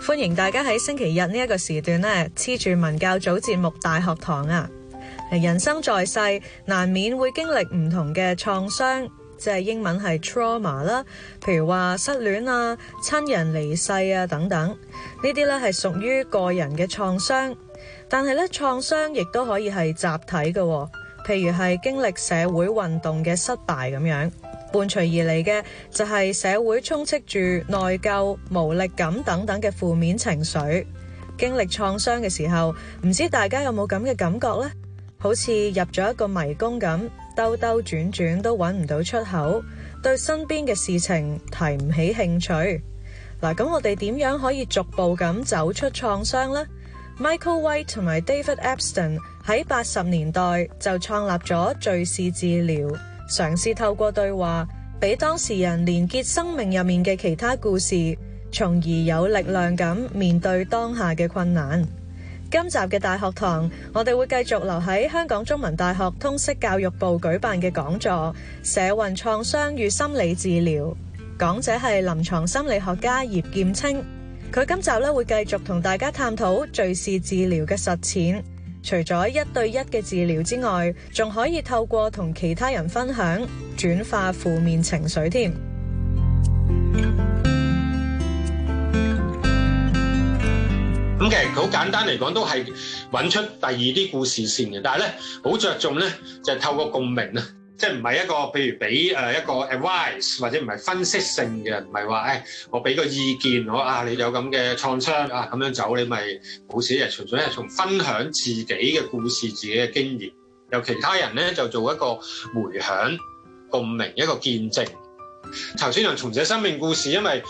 歡迎大家喺星期日呢一個時段咧黐住文教組節目《大學堂》啊！人生在世，難免會經歷唔同嘅創傷，即係英文係 trauma 啦。譬如話失戀啊、親人離世啊等等，呢啲咧係屬於個人嘅創傷。但係咧創傷亦都可以係集體嘅，譬如係經歷社會運動嘅失敗咁樣。伴隨而嚟嘅就係、是、社會充斥住內疚、無力感等等嘅負面情緒。經歷創傷嘅時候，唔知大家有冇咁嘅感覺呢？好似入咗一個迷宮咁，兜兜轉轉都揾唔到出口。對身邊嘅事情提唔起興趣嗱。咁我哋點樣可以逐步咁走出創傷呢？Michael White 同埋 David Epstein 喺八十年代就創立咗敘事治療。嘗試透過對話，俾當事人連結生命入面嘅其他故事，從而有力量咁面對當下嘅困難。今集嘅大學堂，我哋會繼續留喺香港中文大學通識教育部舉辦嘅講座《社運創傷與心理治療》，講者係臨床心理學家葉劍青。佢今集咧會繼續同大家探討敘事治療嘅實踐。除咗一對一嘅治療之外，仲可以透過同其他人分享，轉化負面情緒添。咁其實好簡單嚟講，都係揾出第二啲故事線嘅，但係咧好着重咧就係、透過共鳴。即係唔係一個，譬如俾誒一個 advice，或者唔係分析性嘅，唔係話誒我俾個意見，我啊你有咁嘅創傷啊咁樣走，你咪冇事嘅。純粹係從分享自己嘅故事、自己嘅經驗，由其他人咧就做一個回響、共鳴一個見證。頭先又從寫生命故事，因為。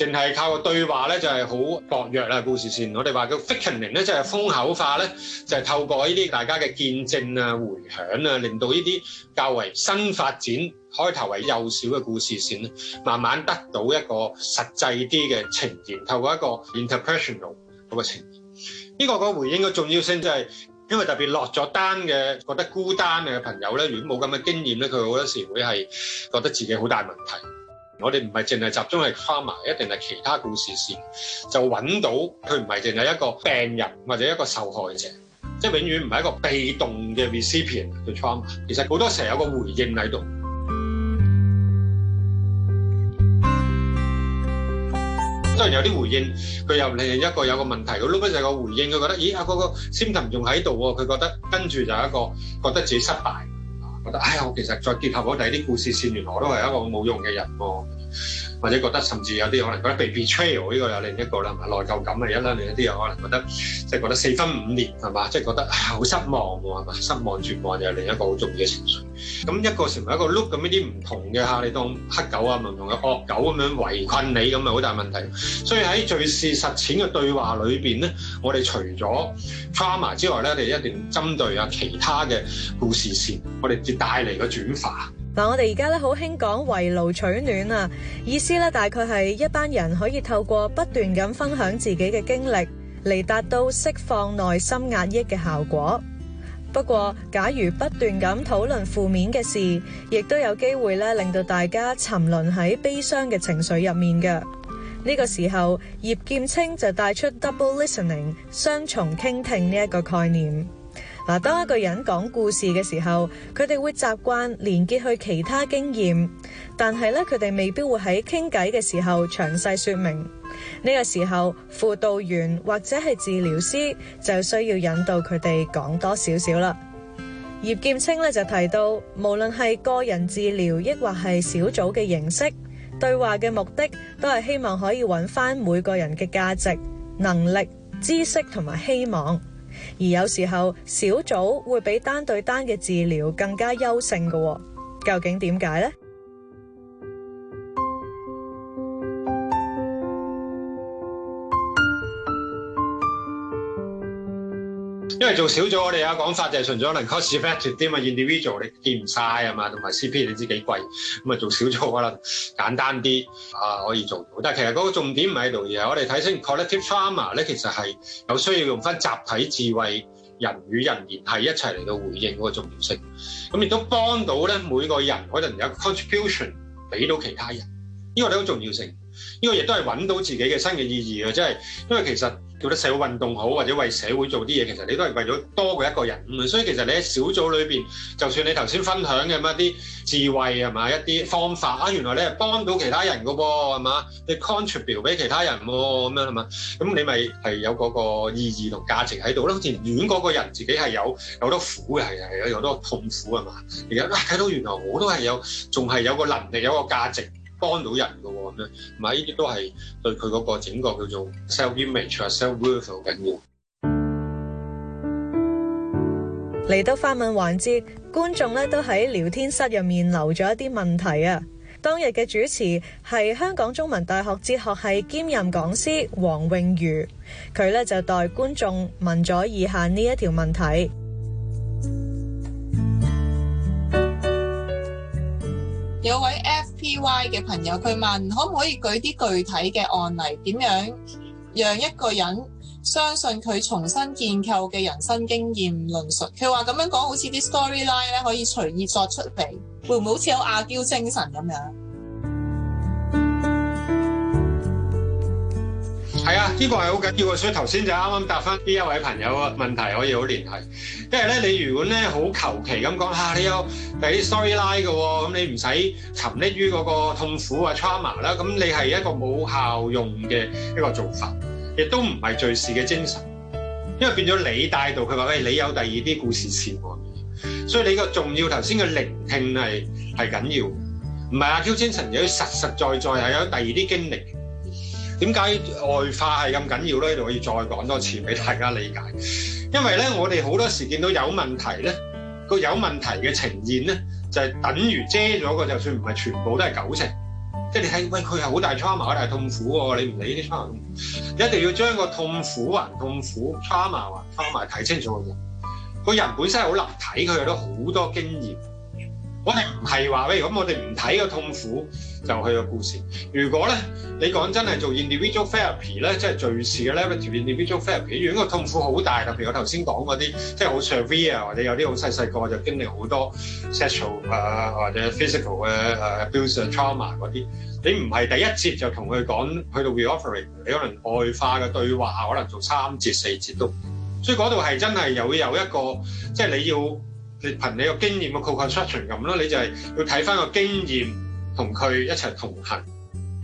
淨係靠個對話咧，就係好薄弱啦。故事線，我哋話叫 thickening 咧，就係豐厚化咧，就係透過呢啲大家嘅見證啊、迴響啊，令到呢啲較為新發展、開頭為幼小嘅故事線咧，慢慢得到一個實際啲嘅呈現。透過一個 interpersonal 嗰個呈現，呢、這個個回應嘅重要性就係、是、因為特別落咗單嘅、覺得孤單嘅朋友咧，如果冇咁嘅經驗咧，佢好多時會係覺得自己好大問題。我哋唔係淨係集中係 trauma，一定係其他故事線，就揾到佢唔係淨係一個病人或者一個受害者，即係永遠唔係一個被動嘅 recipient 嘅 trauma。其實好多時有個回應喺度，都係有啲回應。佢又另一個有個問題，佢攞乜就個回應，佢覺得咦，啊嗰個獅羣仲喺度喎，佢覺得跟住就有一個覺得自己失敗。我覺得唉，我其實再結合我哋啲故事線，原來我都係一個冇用嘅人喎。或者覺得甚至有啲可能覺得被 betrayal 呢、這個有另一個啦，內疚感啊一啦，另一啲又可能覺得即係、就是、覺得四分五裂，係嘛，即、就、係、是、覺得好失望喎嘛，失望、絕望又另一個好重要嘅情緒。咁一個成為一個 loop 咁一啲唔同嘅嚇，你當黑狗啊、唔同嘅惡狗咁樣圍困你咁咪好大問題。所以喺敘事實踐嘅對話裏邊咧，我哋除咗 trauma 之外咧，你一定要針對啊其他嘅故事線，我哋帶嚟嘅轉化。嗱，我哋而家咧好興講圍爐取暖啊，意思咧大概係一班人可以透過不斷咁分享自己嘅經歷，嚟達到釋放內心壓抑嘅效果。不過，假如不斷咁討論負面嘅事，亦都有機會咧令到大家沉淪喺悲傷嘅情緒入面嘅。呢個時候，葉劍青就帶出 double listening 雙重傾聽呢一個概念。嗱，當一個人講故事嘅時候，佢哋會習慣連結去其他經驗，但係咧，佢哋未必會喺傾偈嘅時候詳細說明。呢個時候，輔導員或者係治療師就需要引導佢哋講多少少啦。葉劍青咧就提到，無論係個人治療，抑或係小組嘅形式，對話嘅目的都係希望可以揾翻每個人嘅價值、能力、知識同埋希望。而有時候小組會比單對單嘅治療更加優勝嘅，究竟點解咧？因為做少咗，我哋有講法就係純粹可能 cost effective 啲嘛，individual 你見唔晒啊嘛，同埋 CP 你知幾貴，咁啊做少咗可能簡單啲啊可以做到。但其實嗰個重點唔喺度嘅，而我哋睇清 collective trauma 呢，咧，其實係有需要用翻集體智慧，人與人然係一齊嚟到回應嗰個重要性。咁亦都幫到咧每個人可能有 contribution 俾到其他人，呢、這個都好重要性。呢、這個亦都係揾到自己嘅新嘅意義啊！即係因為其實。叫得社會運動好，或者為社會做啲嘢，其實你都係為咗多過一個人。所以其實你喺小組裏面，就算你頭先分享嘅咁一啲智慧係嘛，一啲方法啊，原來你係幫到其他人嘅噃係嘛，你 contribute 俾其他人喎，咁樣係嘛，咁你咪係有嗰個意義同價值喺度咯。好似遠嗰個人自己係有有好多苦嘅，係有好多痛苦係嘛。而家睇到原來我都係有，仲係有個能力，有個價值。幫到人嘅喎咁咧，唔係呢啲都係對佢嗰個整個叫做 self-image 啊，self-worth 好緊要。嚟 到發問環節，觀眾咧都喺聊天室入面留咗一啲問題啊。當日嘅主持係香港中文大學哲學系兼任講師黃穎如，佢咧就代觀眾問咗以下呢一條問題：有位 F。P.Y. 嘅朋友，佢問可唔可以舉啲具體嘅案例，點樣讓一個人相信佢重新建構嘅人生經驗論述？佢話咁樣講好似啲 storyline 咧，可以隨意作出嚟，會唔會好似有阿嬌精神咁樣？係啊，呢個係好緊要嘅，所以頭先就啱啱答翻呢一位朋友嘅問題，我要好聯繫。因為咧，你如果咧好求其咁講吓，你有俾 sorry lie 嘅，咁你唔使沉溺於嗰個痛苦啊 trauma 啦。咁你係一個冇效用嘅一個做法，亦都唔係敘事嘅精神。因為變咗你帶動佢話喂，你有第二啲故事線喎。所以你個重要頭先嘅聆聽係係緊要，唔係阿 Q 精神，要實實在在係有第二啲經歷。點解外化係咁緊要咧？呢度我要再講多次俾大家理解，因為咧我哋好多時見到有問題咧，個有問題嘅呈現咧就係等於遮咗個，就算唔係全部都係九成。即係你睇，喂，佢係好大 trauma，好大痛苦喎，你唔理啲 trauma，你一定要將個痛苦還痛苦 trauma 還 trauma 睇清楚人。個人本身係好立體，佢有好多經驗。我哋唔係話，喂，譬如咁，我哋唔睇個痛苦。就佢個故事。如果咧，你講真係做 individual therapy 咧，即係敘事嘅 level individual therapy。如果個痛苦好大，譬如我頭先講嗰啲，即係好 severe，或者有啲好細細個就經歷好多 sexual 啊、uh, 或者 physical 嘅、uh, abuse trauma 嗰啲，你唔係第一節就同佢講去到 re-authoring 你可能外化嘅對話，可能做三節四節都。所以嗰度係真係有有一個，即係你要你憑你個經驗嘅 co-construction 咁咯，你就係要睇翻個經驗。同佢一齊同行。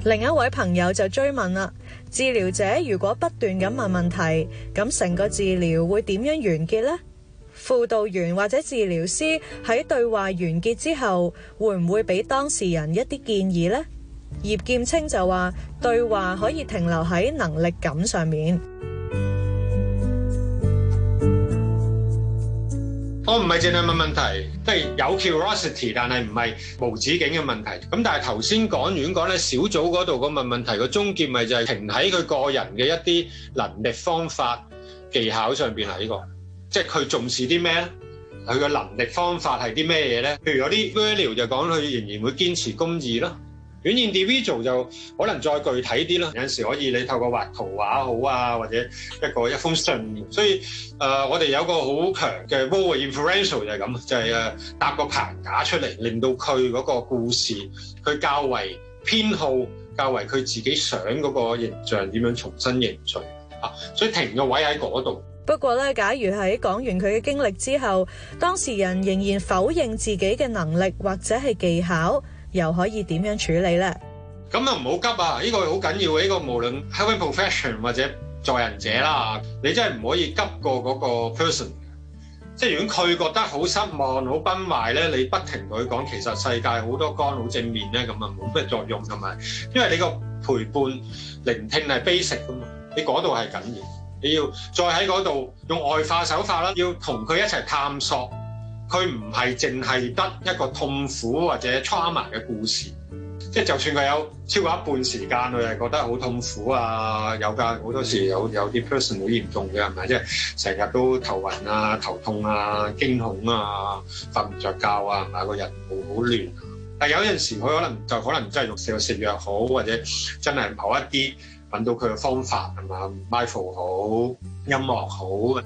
另一位朋友就追問啦：「治療者如果不斷咁問問題，咁成個治療會點樣完結呢？輔導員或者治療師喺對話完結之後，會唔會俾當事人一啲建議呢？」葉劍青就話：對話可以停留喺能力感上面。我唔係淨係問問題，即係有 curiosity，但係唔係無止境嘅問題。咁但係頭先講完講咧，小組嗰度個問問題個終結咪就係停喺佢個人嘅一啲能力方法技巧上面、這個。係呢個即係佢重視啲咩咧？佢嘅能力方法係啲咩嘢咧？譬如嗰啲 value 就講佢仍然會堅持公義咯。軟件 develop 就可能再具體啲咯，有陣時候可以你透過畫圖畫好啊，或者一個一封信念。所以誒、呃，我哋有個好強嘅 power inferential 就係咁，就係、是、搭個棚架出嚟，令到佢嗰個故事佢較為偏好、較為佢自己想嗰個形象點樣重新凝聚。所以停個位喺嗰度。不過咧，假如喺講完佢嘅經歷之後，當事人仍然否認自己嘅能力或者係技巧。又可以點樣處理咧？咁又唔好急啊！呢個好緊要嘅，呢個無論 helping profession 或者助人者啦，你真係唔可以急過嗰個 person。即係如果佢覺得好失望、好崩壞咧，你不停同佢講其實世界好多光好正面咧，咁啊冇咩作用，同埋，因為你個陪伴、聆聽係 basic 噶嘛，你嗰度係緊要，你要再喺嗰度用外化手法啦，要同佢一齊探索。佢唔係淨係得一個痛苦或者 trauma 嘅故事，即係就算佢有超過一半時間，佢係覺得好痛苦啊，有㗎。好多時有有啲 person 好嚴重嘅係咪？即係成日都頭暈啊、頭痛啊、驚恐啊、瞓唔着覺啊，係咪個人好亂？但有陣時佢可能就可能真係用食食藥好，或者真係某一啲揾到佢嘅方法係咪 m a 埋 l 好。 音樂好嘅，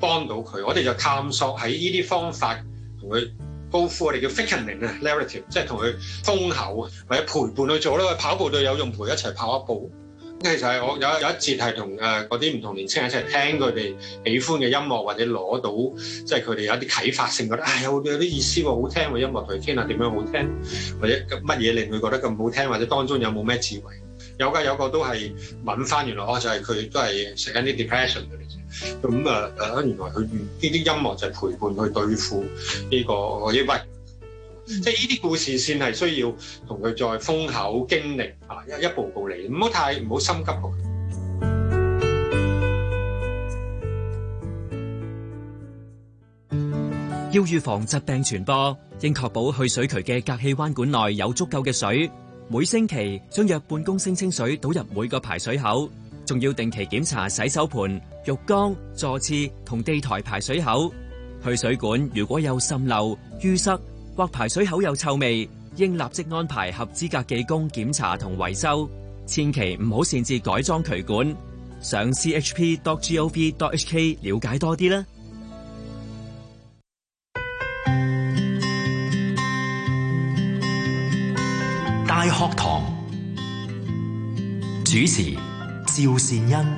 幫到佢。我哋就探索喺呢啲方法，同佢高呼我哋叫 thickening narrative 即係同佢豐厚，啊，或者陪伴去做啦。跑步都有用陪一齊跑一步。其實我有有一次係同嗰啲唔同年青人一齊聽佢哋喜歡嘅音樂，或者攞到即係佢哋有啲啟發性，覺得、哎、有有啲意思喎，好聽喎，音樂佢聽下點樣好聽，或者乜嘢令佢覺得咁好聽，或者當中有冇咩智慧？有嘅有個都係問翻原來哦，就係佢都係食緊啲 depression 咁，啊誒，原來佢呢啲音樂就係陪伴佢對付呢個抑鬱。即係呢啲故事線係需要同佢再封口經歷啊，一一步步嚟，唔好太唔好心急咯。要預防疾病傳播，應確保去水渠嘅隔氣彎管內有足夠嘅水。每星期將約半公升清水倒入每個排水口，仲要定期檢查洗手盆、浴缸、坐廁同地台排水口。去水管如果有滲漏、淤塞或排水口有臭味，應立即安排合資格技工檢查同維修。千祈唔好擅自改裝渠管。上 chp.gov.hk 了解多啲啦。大學堂主持趙善恩。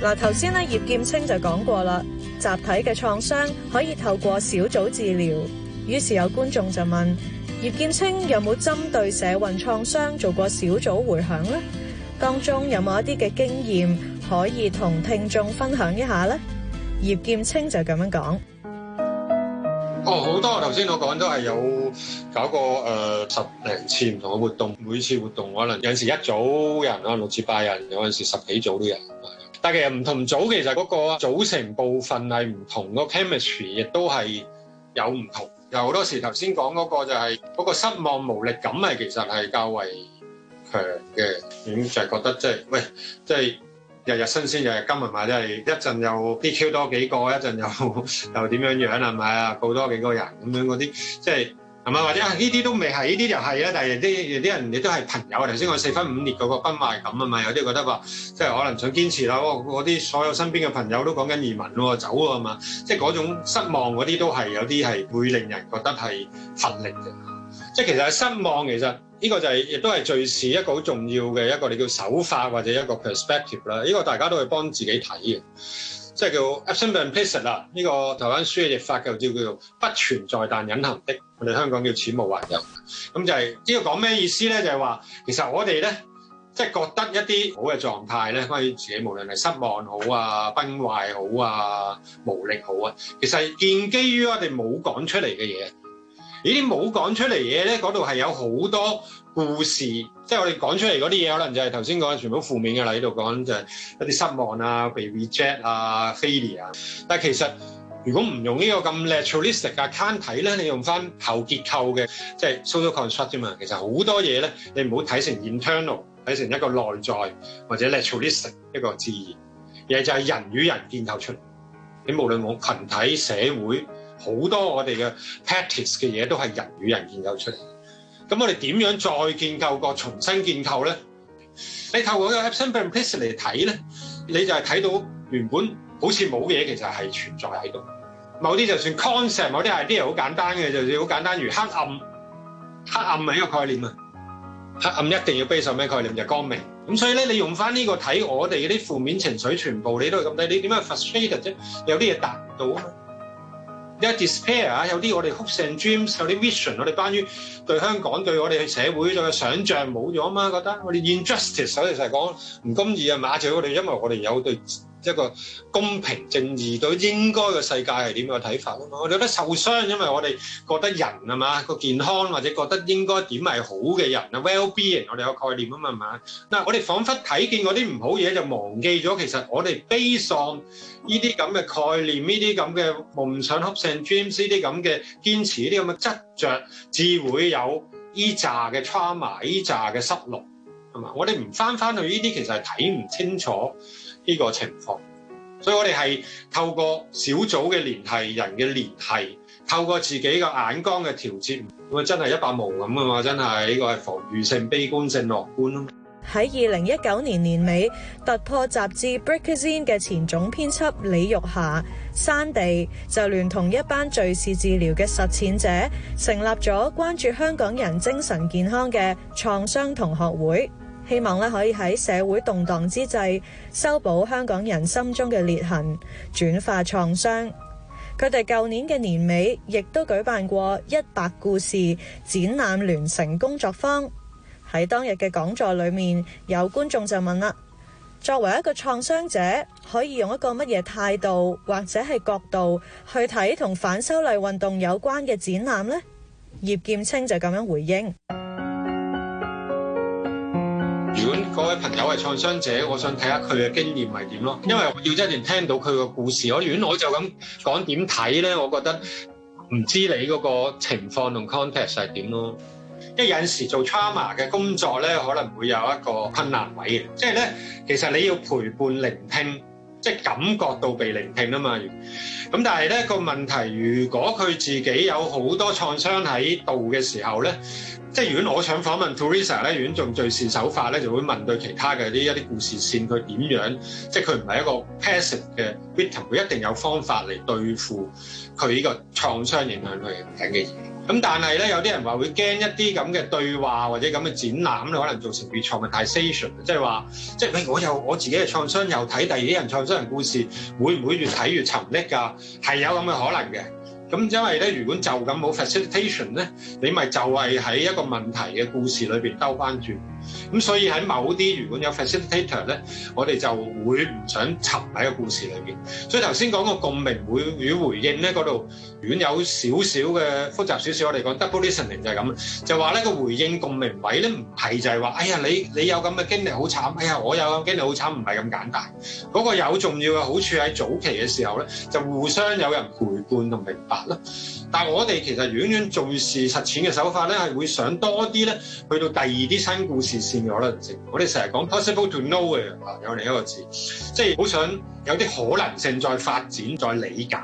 嗱，頭先咧葉劍青就講過啦。集體嘅創傷可以透過小組治療，於是有觀眾就問葉劍青有冇針對社運創傷做過小組回響呢？當中有冇一啲嘅經驗可以同聽眾分享一下呢？葉劍青就咁樣講：哦，好多頭先我講都係有搞過誒、呃、十零次唔同嘅活動，每次活動可能有陣時一組人可能六至八人，有陣時十幾組啲人，但係其實唔同組其實嗰個組成部分係唔同，嗰個 chemistry 亦都係有唔同。有好多時頭先講嗰個就係嗰個失望無力感係其實係較為強嘅。咁就係、是、覺得即係、就是、喂，即係日日新鮮日日金係咪？即係、就是、一陣又 DQ 多幾個，一陣又又點樣樣係咪啊？告多，多幾個人咁樣嗰啲即係咪？或者呢啲都未係，呢啲就係、是、啦。但係啲啲人亦都係朋友。頭先我四分五裂嗰個崩壞感啊嘛，有啲覺得話即係可能想堅持啦。我啲所有身邊嘅朋友都講緊移民喎，走啊嘛。即係嗰種失望嗰啲都係有啲係會令人覺得係乏力嘅。即係其實失望，其實呢個就係、是、亦都係敘事一個好重要嘅一,一個你叫手法或者一個 perspective 啦。呢個大家都去幫自己睇嘅。即係叫 absent presence 啦，呢、這個台灣書嘅譯法就叫叫做不存在但隱含的，我哋香港叫似無還有。咁就係、是、呢、這個講咩意思咧？就係、是、話其實我哋咧即係覺得一啲好嘅狀態咧，關於自己無論係失望好啊、崩壞好啊、無力好啊，其實係建基於我哋冇講出嚟嘅嘢。咦，冇講出嚟嘢咧，嗰度係有好多故事，即係我哋講出嚟嗰啲嘢，可能就係頭先講全部負面嘅啦。呢度講就係一啲失望啊，被 reject 啊，failure 啊。但係其實如果唔用呢個咁 naturalistic 嘅睇咧，你用翻後結構嘅，即係 social construct 啫嘛。其實好多嘢咧，你唔好睇成 internal，睇成一個內在或者 naturalistic 一個自然，而係就係人與人建構出嚟。你無論往群體社會。好多我哋嘅 practice 嘅嘢都係人與人建構出嚟。咁我哋點樣再建構過重新建構咧？你透過個 absentmness 嚟睇咧，你就係睇到原本好似冇嘢，其實係存在喺度。某啲就算 concept，某啲 idea 好簡單嘅，就好簡單，簡單如黑暗。黑暗係一個概念啊。黑暗一定要 base 喺咩概念？就是、光明。咁所以咧，你用翻呢個睇我哋啲負面情緒，全部你都係咁睇。你點樣 frustrated 啫？有啲嘢達唔到啊有 despair 啊，有啲我哋 hopes and dreams，有啲 vision，我哋關於對香港對我哋嘅社會嘅想象冇咗啊嘛，覺得我哋 injustice，所以就係講唔公義啊，馬住我哋，因為我哋有對。一個公平正義對應該嘅世界係點樣嘅睇法啊嘛，我哋覺得受傷，因為我哋覺得人係嘛個健康或者覺得應該點係好嘅人啊，well-being 我哋有概念啊嘛，嗱我哋彷彿睇見嗰啲唔好嘢就忘記咗，其實我哋悲喪呢啲咁嘅概念，呢啲咁嘅夢想 hopeless dreams，呢啲咁嘅堅持，呢啲咁嘅執着，至會有依紮嘅 trauma，依紮嘅失落係嘛，我哋唔翻翻去呢啲其實係睇唔清楚。呢、這個情況，所以我哋係透過小組嘅聯繫人嘅聯繫，透過自己嘅眼光嘅調節，咁啊真係一百無咁啊嘛。真係呢、這個係防禦性、悲觀性、樂觀啊。喺二零一九年年尾突破雜誌《Breakazine》嘅前總編輯李玉霞、山地就聯同一班敘事治療嘅實踐者，成立咗關注香港人精神健康嘅創傷同學會。希望咧可以喺社會動盪之際，修補香港人心中嘅裂痕，轉化創傷。佢哋舊年嘅年尾，亦都舉辦過一百故事展覽聯成工作坊。喺當日嘅講座裏面，有觀眾就問啦：「作為一個創傷者，可以用一個乜嘢態度或者係角度去睇同反修例運動有關嘅展覽呢？」葉劍青就咁樣回應。如果嗰位朋友係創傷者，我想睇下佢嘅經驗係點咯，因為我要真係聽到佢嘅故事。我原來我就咁講點睇咧，我覺得唔知你嗰個情況同 context 係點咯。因為有陣時做 trauma 嘅工作咧，可能會有一個困難位嘅，即係咧，其實你要陪伴聆聽，即係感覺到被聆聽啊嘛。咁但係咧個問題，如果佢自己有好多創傷喺度嘅時候咧。即係如果我想訪問 Theresa 咧，如果仲敘事手法咧，就會問對其他嘅啲一啲故事線，佢點樣？即係佢唔係一個 passive 嘅 victim，佢一定有方法嚟對付佢呢個創傷影響佢嘅嘅嘢。咁但係咧，有啲人話會驚一啲咁嘅對話或者咁嘅展覽咁，可能造成 c r 嘅 a t e s a i o n 即係話即係我又我自己嘅創傷，又睇第二啲人的創傷人故事，會唔會越睇越沉溺㗎？係有咁嘅可能嘅。咁因為咧，如果就咁冇 facilitation 咧，你咪就係喺一個問題嘅故事裏邊兜返轉。咁所以喺某啲，如果有 facilitator 咧，我哋就會唔想沉喺個故事裏邊。所以頭先講個共鳴會與回應咧，嗰度如果有少少嘅複雜少少，我哋講 double listening 就係咁，就話咧，個回應共鳴位咧唔係就係話，哎呀你你有咁嘅經歷好慘，哎呀我有咁經歷好慘，唔係咁簡單。嗰個有重要嘅好處，喺早期嘅時候咧，就互相有人陪伴同明白咯。但係我哋其實遠遠做事實踐嘅手法咧，係會想多啲咧，去到第二啲新故事線咗。我哋成日講 possible to know 嘅，有另一個字，即係好想有啲可能性再發展、再理解，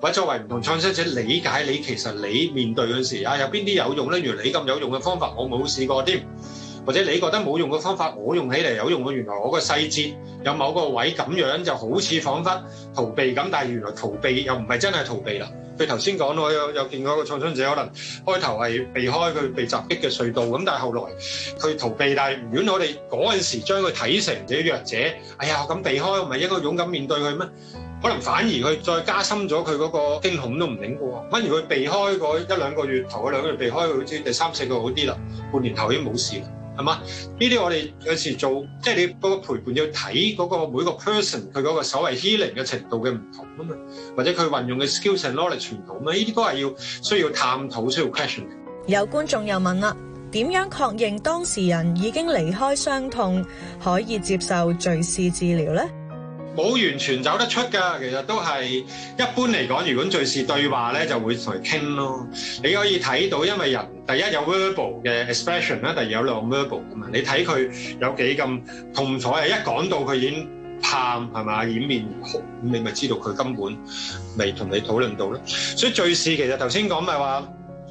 或者作為唔同創新者理解你其實你面對嗰時啊，有邊啲有用咧？如你咁有用嘅方法，我冇試過添，或者你覺得冇用嘅方法，我用起嚟有用喎。原來我個細節有某個位咁樣，就好似彷彿逃避咁，但原來逃避又唔係真係逃避啦。佢頭先講我有有見過一個創傷者可能開頭係避開佢被襲擊嘅隧道，咁但係後來佢逃避，但係唔願我哋嗰陣時將佢睇成者弱者。哎呀，咁避開，唔係應該勇敢面對佢咩？可能反而佢再加深咗佢嗰個驚恐都唔頂過。不如佢避開嗰一兩個月，頭兩個月避開，佢好似第三四個好啲啦，半年後已經冇事。係嘛？呢啲我哋有時做，即係你嗰個陪伴要睇嗰個每個 person 佢嗰個所謂 healing 嘅程度嘅唔同啊嘛，或者佢運用嘅 skills and knowledge 唔同啊嘛，呢啲都係要需要探討，需要 question。有觀眾又問啦，點樣確認當事人已經離開傷痛，可以接受敘事治療咧？冇完全走得出噶，其實都係一般嚟講，如果敘事對話咧，就會同佢傾咯。你可以睇到，因為人第一有 verbal 嘅 expression 啦，第二有兩個 verbal 噶嘛。你睇佢有幾咁痛楚啊？一講到佢已經怕係嘛，掩面哭，紅你咪知道佢根本未同你討論到咯。所以敘事其實頭先講咪話，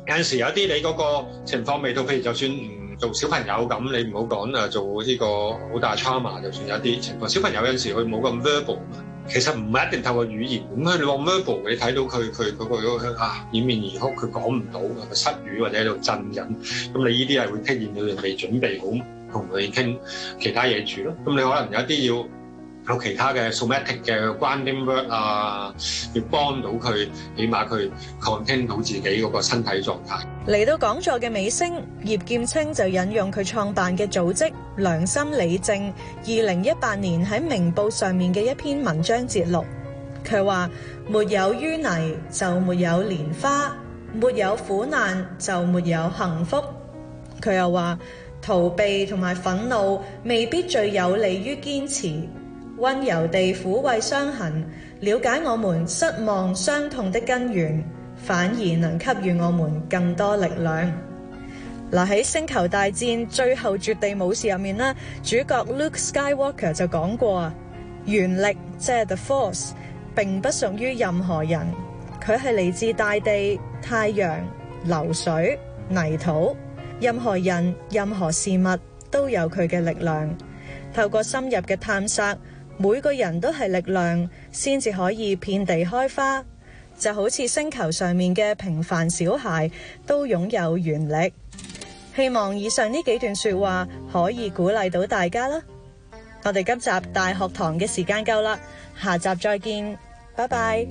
有時有啲你嗰個情況未到，譬如就算。做小朋友咁，你唔好講啊！做呢個好大 trauma，就算有啲情況，小朋友有陣時佢冇咁 verbal 啊，其實唔係一定透過語言咁。你話 verbal，你睇到佢佢嗰個啊掩面而哭，佢講唔到，佢失語或者喺度震緊，咁你呢啲係會聽見到佢未準備好同佢傾其他嘢住咯。咁你可能有啲要有其他嘅 somatic 嘅 grounding work 啊，要幫到佢，起碼佢 contain 到自己嗰個身體狀態。嚟到講座嘅尾聲，葉劍青就引用佢創辦嘅組織良心理政二零一八年喺明報上面嘅一篇文章節錄，佢話：沒有淤泥就沒有蓮花，沒有苦難就沒有幸福。佢又話：逃避同埋憤怒未必最有利於堅持，温柔地撫慰傷痕，了解我們失望傷痛的根源。反而能給予我們更多力量嗱。喺《星球大戰》最後絕地武士入面啦，主角 Luke Skywalker 就講過啊，原力即係、就是、The Force 並不屬於任何人，佢係嚟自大地、太陽、流水、泥土，任何人、任何事物都有佢嘅力量。透過深入嘅探索，每個人都係力量，先至可以遍地開花。就好似星球上面嘅平凡小孩都擁有原力，希望以上呢幾段說話可以鼓勵到大家啦。我哋今集大學堂嘅時間夠啦，下集再見，拜拜。